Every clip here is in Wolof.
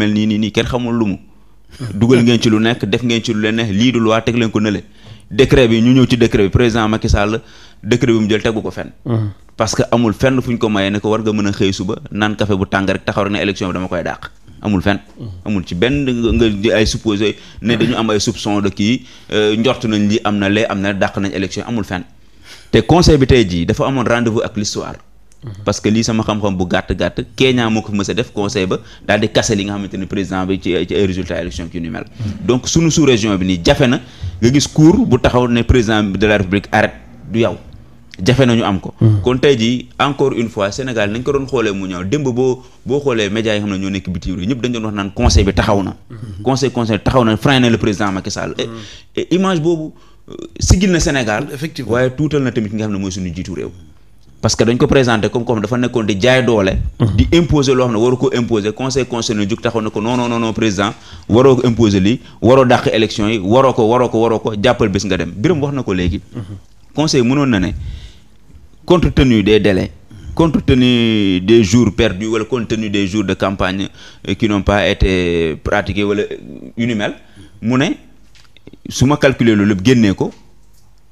mel nii nii nii kenn xamul lu mu dugal ngeen ci lu nekk def ngeen ci lu leen neex lii du loi teg leen ko nële décret bi ñu ñëw ci décret bi président Macky Sall décret bi mu jël tegu ko fenn parce que amul fenn fu ñu ko mayee ne ko war nga mën a xëy suba naan café bu tàng rek taxaw rek ne élection bi dama koy dàq amul fenn ci benn nga ay supposé ne dañu am ay soupçon de kii euh, njort nañ li am na lee am na dàq nañ élection amul fenn te conseil bi tey jii dafa amoon rendez ak l'histoire parce que lii sama xam-xam bu gàtt-gàtt Kenya moo ko fi mës a def conseil ba daal di kase li nga xamante ni président bi ci ay résultat élection ki ñu mel donc sunu sous région bi nii jafe na nga gis cour bu taxaw ne président de la république arrête du yow jafe nañu am ko hmm. kon tey jii encore une fois Sénégal nañ ko doon xoolee mu ñaaw démb boo boo xoolee médias yi xam ne ñoo nekk bitim réew ñëpp dañ doon wax naan conseil bi taxaw na hmm. conseil conseil taxaw na freiné le hmm. boobu euh, sigil na Sénégal effectivement waaye mooy suñu jiitu réew parce que dañ ko présenté comme comme dafa nekkoon di jaay doole. Mhm. di imposer loo xam ne waru ko imposer conseil conseil nu jug taxaw na ko non non non président waroo ko imposer lii waroo dàq élection yi waroo ko waroo ko waroo ko jàppal bés nga dem Birame wax na ko léegi. Mhm. conseil mënoon na ne compte tenu des délais. compte tenu des jours perdus wala compte tenu des jour de campagne qui n'ont pas été pratiqués wala yu mu ne su ma calculer loolu lépp génnee ko.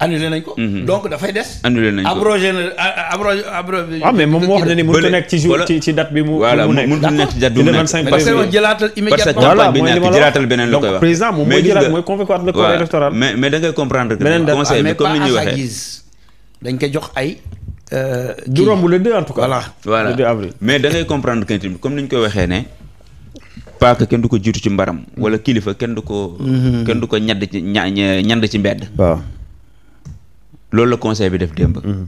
annulé nañ ko. Mhm. donc dafay des. annulé nañ ko abrogé na abrogé abrogé. waaw ah, mais moom moo wax a nekk ci jour ci ci date bi mu. mu nekk da comprendre conseil ah, dañ koy jox ay. Euh, du romb le de en tout cas. voilà voilà mais da ngay comprendre que tamit comme ni ñu koy waxee ne. paaka kenn du ko jiitu ci mbaram. wala kilifa kenn du ko. Mhm. kenn du ko ñadd ci ña ñand ci mbedd. waaw. loolu la conseil bi def démb. Mm-hmm.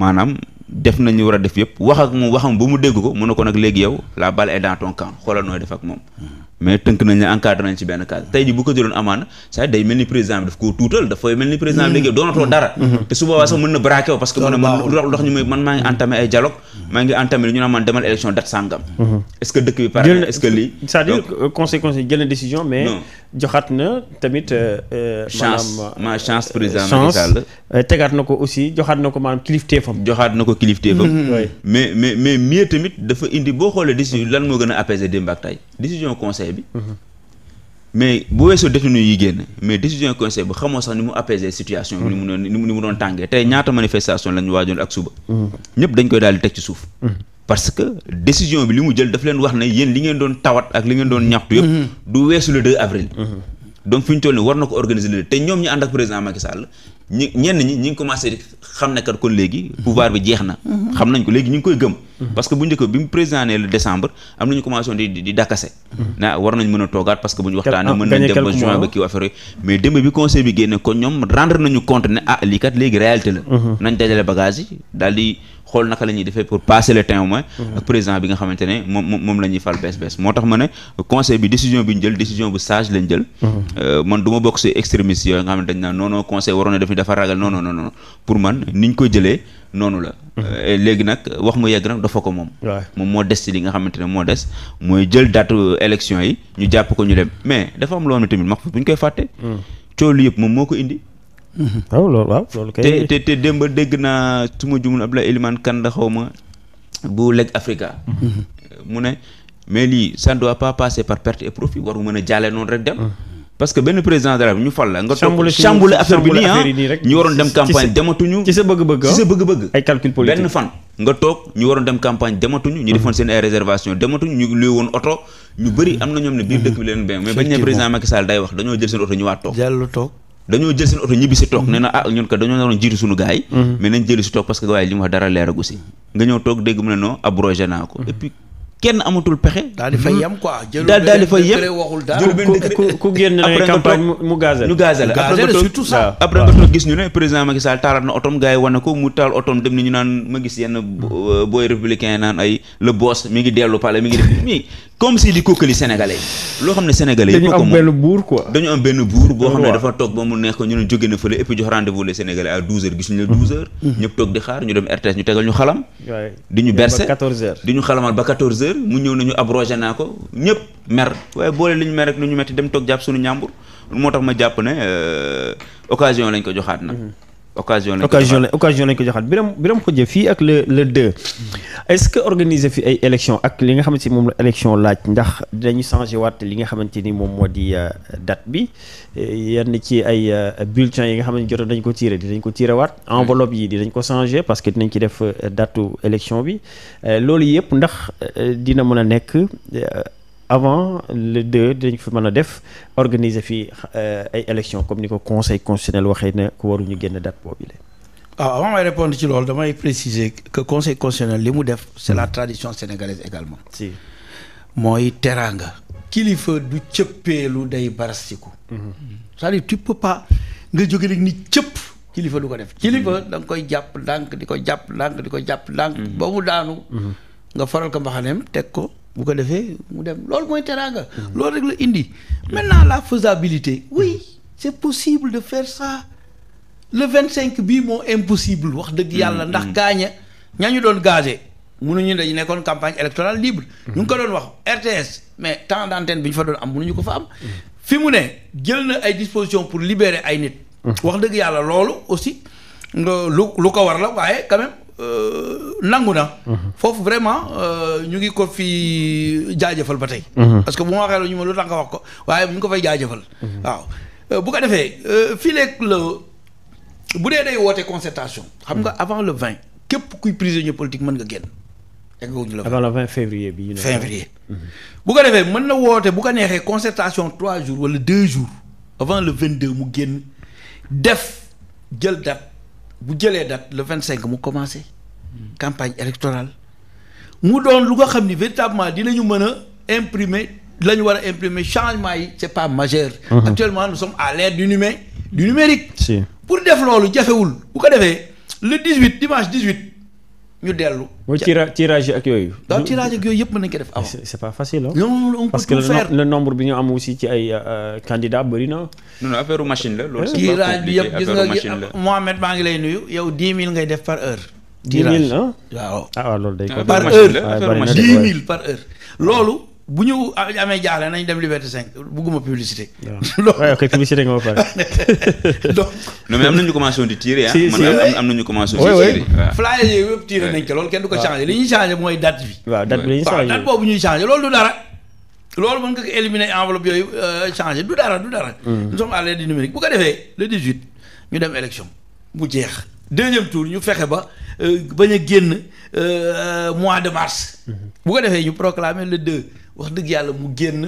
maanaam def nañu war a def yëpp wax ak moom waxam ba mu dégg ko mu ne ko nag léegi yow la balle est dans ton xoolal nooy def ak moom mais tënk nañ la encadré ci benn cadre tey ji bu ko jël na décision mais joxaat na tamit euh, euh, chance président euh, Macky tegaat na ko aussi joxaat na ko maanaam kilifteefam joxaat na ko kilifteefam mm-hmm. mais mais mais mieux tamit dafa indi boo xoolee décision lan moo gën a apaiser démb décision conseil bi mm-hmm. mais bu weesoo détenu yi génn mais décision conseil bi xamoo sax ni mu apaiser situation bi ni mu mm-hmm. doon tàngee tey ñaata manifestation lañu waajoon ak suba ñëpp dañ koy daal teg ci suuf parce que décision bi li mu jël daf leen wax ne yéen li ngeen doon tawat ak li ngeen doon ñaxtu yëpp du weesu le 2 avril donc fi ñu toll ñi ñenn ñi ñi ngi xam ne kat kon léegi pouvoir bi jeex na xam nañ ko léegi ñu ngi koy gëm parce que bu njëkk bi président ne le décembre am nañu commencé di dakkase na war nañ mën a toogaat parce que bu ñu waxtaanee ah, mën nañ dem ba juin ba kii affaire yi mais démb bi conseil bi génne kon ñoom rendre nañu compte ne ah lii kat léegi réalité la mhm. nañ dajale bagage daal xool naka la ñuy defee pour passer le témoin mhm. ak président bi nga xamante ne moom moom fal bees bees moo tax ma ne conseil bi décision bi jël décision bu sage lañ jël mhm. euh, man du bokk si extrémiste yooyu nga xamante na def ni ne moo des mooy jël date euh, élection yi ñu jàpp ko ñu dem mais dafa am loo xam ne tamit max bu ñu koy fàtte mhm. coow yëpp moom moo ko indi waaw mm-hmm. oh, loolu waaw loolu kay. te te démb dégg naa su ma jumul Abdoulaye Elimane Kane la xaw ma bu Leg Africa. Mm-hmm. Euh, mu ne mais lii ça ne doit pas passer par perte et profit waru mën a jaale noonu rek dem. Mm-hmm. parce que benn président dara bi ñu fal la nga toog ñu waroon dem campagne dematuñu ci sa bëgg-bëgg ci sa bëgg ñu waroon dem campagne defoon seen ay réservation dematuñu ñu luy woon oto ñu bëri am na ñoom ne biir dëkk bi leen benn mais bañ ne président Macky day wax dañoo jël seen oto ñëwaat toog toog dañoo jël seen oto ñibbi si toog mm-hmm. ne na ah ñun ko dañoo naroon jiitu suñu gars yi mm-hmm. mais nañ si toog parce que waaye li mu wax dara leeragu si nga ñëw toog dégg mu ne non abrogé naa ko mm-hmm. kenn amatul pexe. daal di fay yam quoi. Mhm. daal daal di fay yem ku ku génn na campagne mu gazé la. ñu après nga toog gis ñu ne président Macky Sall taalaat na otom gars yi wane ko mu taal otom dem ni ñu naan ma gis yenn booy euh, républicain naan ay le boss mi ngi dellu palais mi ngi def mi comme si di kookali sénégalais yi loo xam ne sénégalais yi dañu am benn buur quoi dañu am benn buur boo xam ne dafa toog ba mu neex ko ñu ne jóge na fële et puis jox rendez-vous les mm-hmm. xaar ñu dem RTS ñu tegal ñu di ñu berse di ñu xalamal ba 14 heures mu ñëw nañu abrogé naa ko ñëpp mer waaye boole li ñu mer rek lu ñu metti dem toog jàpp suñu ñàmbur moo tax ma jàpp ne euh, occasion lañ ko joxaat nag mm-hmm. occasion lañ ko joxaat occasion lañ ko joxaat Birame Birame Khoudia fii ak le le deux est-ce que organiser fi ay élection ak li nga xamante ni moom la élection laaj ndax dinañu changé waat li nga xamante ni moom moo di euh, dat bi euh, yenn ci ay euh, bulletins yi nga xam ne jotoon dañ ko tiré dinañ ko tiire waat enveloppe yi dinañ ko changé parce que dinañ ci def datu élection bi loolu yëpp ndax dina mën a nekk. avant le 2 dañ fa mën a def organiser fii euh, ay élections comme ni ko conseil constitutionnel waxee ne ko waruñu génn date boobu la. waaw ah, avant may répondre ci loolu damay préciser que conseil constitutionnel li mu def c'est la hmm. tradition sénégalaise également. si mooy teraanga. kilifa du cëppeelu day barastiku. Hmm. c'est-à-dire tu peux pas nga jóge rek ni cëpp. kilifa du ko def kilifa hmm. danga koy jàpp ndànk di ko jàpp ndànk di ko jàpp ndànk. ba mu daanu. nga faral ko mbaxaneem teg ko. bu ko defee mu dem loolu mooy teraanga. Mm-hmm. loolu rek la indi. maintenant la faisabilité mm-hmm. oui c'est possible de faire ça le cinq bii moo impossible wax dëgg yàlla ndax mm-hmm. gaaña ñañu doon gazé mënuñu dañu nekkoon campagne électorale libre. ñu ngi ko doon wax RTS mais temps d'antenne bi ñu fa doon am mënuñu ko fa am. fi mu ne jël na ay dispositions pour libérer ay nit. wax dëgg yàlla loolu aussi lu lu ko war la waaye quand Euh, nangu na. foofu vraiment euh, ñu ngi ko fi jaajëfal ba tey. Mhm. parce que bu ma waxee la ñu ma lu tax nga wax ko waaye mu ngi ko fay jaajëfal. Mhm. waaw euh, bu ko defee fii léegi la bu dee day woote concertation. xam nga mhm. avant le vingt képp kuy prisonnier politique mën nga génn. egguñu la avant le vingt février bi. février. bu ko defee mën na woote bu ko neexee concertation trois jours wala deux jours avant le vingt deux mu génn def jël date. bu jëlee date le vingt cinq mu commencé campagne électorale mu doon lu nga xam ni véritablement dinañu mën a imprimer la ñu war a imprimer changement yi c'est pas majeur mhm. actuellement nous sommes à l'ère du numé du numérique si. pour def loolu jafewul bu ko defee le 18 dimanche 18 ñu dellu. mooy tirage ak yooyu. waaw ak yooyu yëpp mën nañu ko def avant. c'est pas facile ah. non parce que le nombre bi ñu am aussi ci ay euh, euh, candidats bëri na. non non affaire machine la. loolu eh, tirage bi yëpp gis nga Mohamed maa ngi lay nuyu yow 10 000 ngay def par heure. tirage 10 000 ah. waaw ah waaw loolu day. Ah, par heure par heure 10 par heure. loolu. bu ñu amee jaaxle nañ dem Liberté 5 bugguma publicité. waaw ok publicité nga ma pare. donc. non mais am na ñu commencé woon ah. am na ñu commencé woon kenn du ko changé li ñuy changé mooy date bi. waaw date loolu du dara. loolu mën nga ko éliminer enveloppe yooyu euh, changé du dara du dara. Mm. nous sommes à ko defee le ñu dem élection bu jeex. deuxième tour ñu fexe ba euh, bañ a génn euh, mois de mars. Mm-hmm. bu ko defee ñu proclamer le 2. wax dëgg yàlla mu génn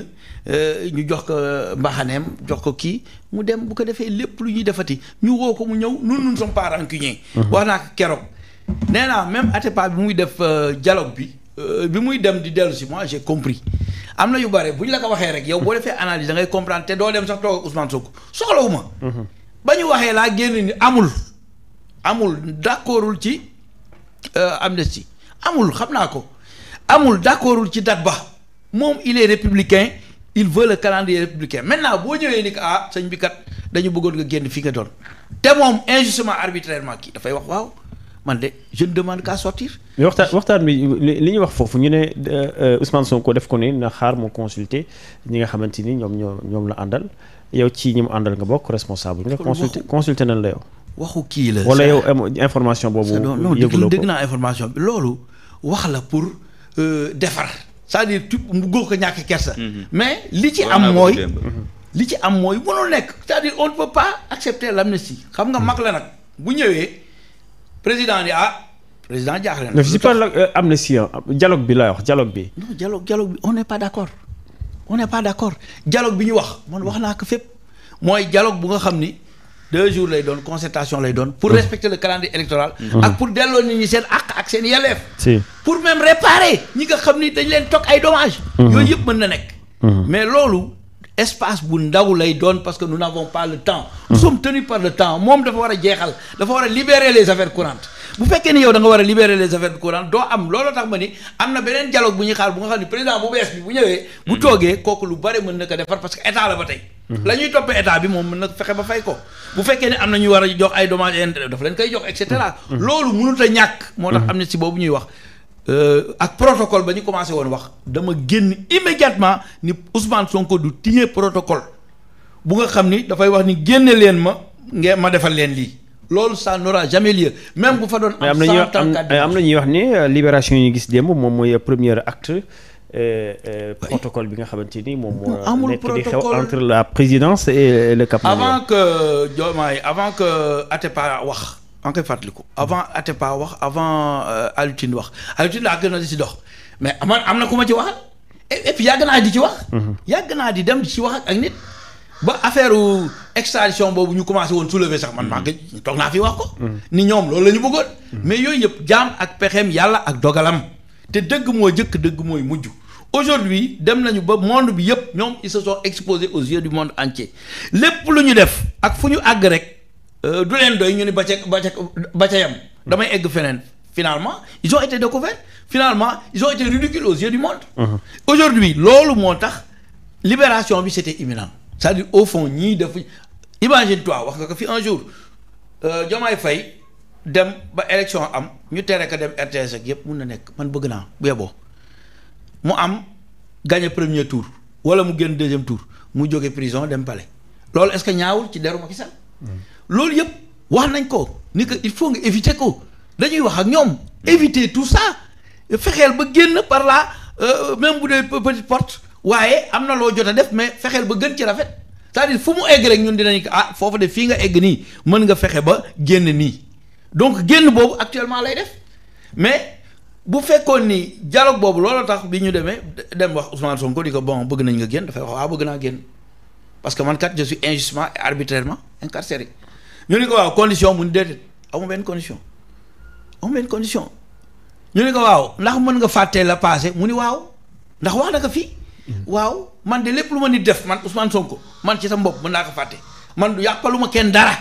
euh, ñu jox ko mbaxaneem jox ko kii mu dem bu ko defee lépp lu ñuy defati ñu woo ko mu ñëw nun nun sommes pas rancuniers mhm. wax naa ko keroog nee naa même Atepa bi muy def euh, dialogue bi euh, bi muy dem di dellusi si moi compris am na yu bare bu ñu la ko waxee rek yow boo defee analyse da ngay comprendre te doo dem sax toog ak Ousmane Sonko soxlawuma mhm. ba ñu waxee laa génn ni amul amul d'accordul ci amnistie amul xam naa ko amul d'accordul ci date ba moom il est républicain il veut le calendrier républicain maintenant boo ñëwee ni que ah sëñ bi kat dañu bëggoon nga génn fi nga doon te moom injustement arbitrairement kii dafay wax waaw man de je ne demande qu'à sortir. waxtaan waxtaan bi li ñu wax foofu ñu ne euh, Ousmane Sonko def ko ni na xaar mu consulter ñi nga xamante ni ñoom ñoo ñoom la àndal yow ci ñi mu àndal nga bokk responsable nga consulter consulter nañ la yow. waxu kii la wala yow information boobu. yëguloo ko non naa information bi loolu wax la pour euh, defar. c'est-à-dire tu góor ko ñàkk kersa. Mhm. mais li ci am mooy. Mhm. li ci am mooy mënul nekk. c'est-à-dire on ne peut pas accepter l'amnistie xam nga mhm. mag la nag bu ñëwee président ni ah. président jaaxle na. je parle euh, amnistie dialogue bi lay wax dialogue bi. non dialogue dialogue bi on n'est pas d'accord on n'est pas d'accord dialogue bi ñu wax man wax naa ko fépp mooy dialogue bu nga xam ni. deux jours lay doon concertation lay doon pour mm. respecter le calendrier électoral mm. ak pour delloo nit ñi seen àq ak seen yelleef pour même réparer ñi nga xam ni dañ leen toog ay dommages mm-hmm. yooyu yëpp mën na nekk mm-hmm. mais loolu espace bu ndaw lay doon parce que nous n'avons pas le temps nous mm-hmm. sommes tenus par le temps moom dafa war a jeexal dafa war a libérer les affaires courantes bu fekkee ni yow da nga war a libérer les affaires courantes doo am loolu tax ma ni am na beneen dialogue bu ñuy xaar bu nga xam ne président bu bees bi bu ñëwee. bu mm-hmm. toogee kooku lu bare mën na ko defar parce que état la ba tey. Mm-hmm. la ñuy toppee état bi moom mën na fexe ba fay ko bu fekkee ne am na ñu war a jox ay dommages et intérêts dafa leen koy jox et cetera. Mm-hmm. loolu mënut a ñàkk. moo tax am na si boobu ñuy wax. Euh, ak protocole ba ñu commencé woon wax dama génn immédiatement ni Ousmane Sonko du tiye protocole bu nga xam ni dafay wax ni génne leen ma ngeen ma defal leen lii. loolu ça n'aura jamais lieu même bu fa doon. am na ñuy am na ñuy wax ne euh, libération yi gis démb moom mooy euh, premier acte. Euh, protocole bi nga xamante ni moom moo nekk di xew entre la présidence et le Cap Manuel avant que Diomaye avant que Atepa wax en koy fàttaliku avant Atepa wax avant Alioune wax Alioune Tine laa gën a di mais aman am na ku ma ci waxal et puis yàgg naa di ci wax mhm. yàgg naa di dem di ci wax ak nit ba affaire extradition boobu ñu commencé woon soulever sax man mm. maa ngi toog naa fi wax ko. Mm. ni ñoom loolu la ñu bëggoon. Mm. mais yooyu yëpp jaam ak pexeem yàlla ak dogalam. te dëgg moo jëkk dëgg mooy mujj aujourd'hui dem nañu ba monde bi yëpp ñoom ils se sont exposés aux yeux du monde entier lépp lu ñu def ak fu ñu àgg rek euh, du leen doy ñu ni ba ca ba ca ba ca yam. damay egg feneen finalement ils ont été découverts finalement ils ont été ridicules aux yeux du monde. Uh-huh. aujourd'hui loolu moo tax libération bi c'était cest dire au fond ñii dafa imagine toi wax nga ko fi un jour jomaay euh, fay dem ba élection am ñu tere ko dem RTS yëpp mun na nekk man bëgg naa bu yeboo mu am gagné premier tour wala mu génn deuxième tour mu jóge prison dem palais loolu est-ce que ñaawul ci deru Macky Sall mm. loolu yëpp wax nañ ko ni que il faut nga éviter ko dañuy wax ak ñoom éviter tout ça fexeel ba génn par là euh, même bu dee petite porte waaye am na loo jot a def mais fexeel ba gën ci rafet c'est-à-dire fu mu egg rek ñun dinañ ko ah foofu de fii nga egg nii mën nga fexe ba génn nii donc génn boobu actuellement lay def mais bu fekkoon ni dialogue boobu loolu tax bi ñu demee dem wax Ousmane ko di ko bon bëgg nañ nga génn dafay wax waaw ah, bëgg naa génn parce que man kat je suis injustement et arbitrairement incarcéré ñu ni ko waaw condition mu ni déedéet amu benn condition amu benn condition ñu ni ko waaw ndax mën nga fàttee la passé mu ni waaw ndax wax na ko fii waaw man de lépp lu ma nit def man Ousmane Sonko man ci sama bopp mën naa ko fàtte man du yàppalu ma kenn dara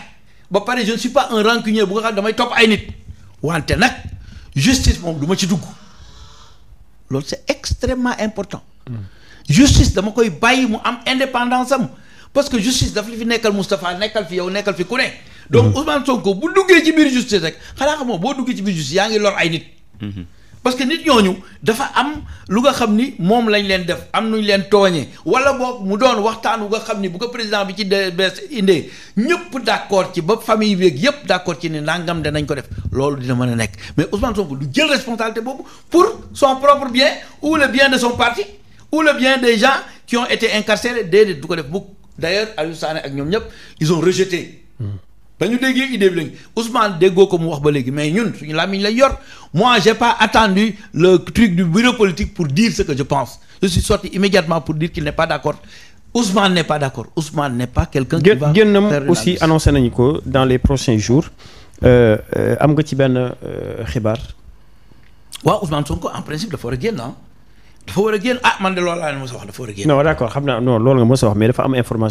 ba pare je ne suis pas un rancunier bu nga xam damay topp ay nit wante nag justice moom du ma ci dugg loolu c'est extrêmement important mm. justice dama koy bàyyi mu am indépendance am parce que justice daf li fi nekkal Moustapha nekkal fi yow nekkal fi ku ne donc mm-hmm. Ousmane Sonko bu duggee ci biir justice rek xanaa xamoo boo duggee ci biir justice yaa ngi lor ay nit mm-hmm. parce que nit ñooñu dafa am lu nga xam ni moom lañ leen def am nuñ leen tooñee wala boog mu doon waxtaan wu nga xam ni bu ko président bi ci bees indee ñëpp d'accord ci ba famille beeg yëpp d'accord ci ni nangam danañ ko def loolu dina mën a nekk mais Ousmane Sonko du jël responsabilité boobu pour son propre bien ou le bien de son parti ou le bien des gens qui ont été incarcérés déedéet du ko def mukk d'ailleurs Aliou Sané ak ñoom ñëpp ils ont rejeté ba ñu déggee idée bi léegi Ousmane déggoo ko mu wax ba léegi mais ñun suñu làmmiñ lañ yor moi j'ai pas attendu le truc du bureau politique pour dire ce que je pense je suis sorti immédiatement pour dire qu'il n'est pas d'accord Ousmane n'est pas d'accord Ousmane n'est pas quelqu'un qui va génnam aussi annoncé nañu ko dans les prochains jours euh, euh, am nga ci benn euh, xibaar ah. dafa war a génn ah man de loolu laa leen mos wax dafa war a génn non d'accord xam naa non loolu nga mos wax mais dafa am information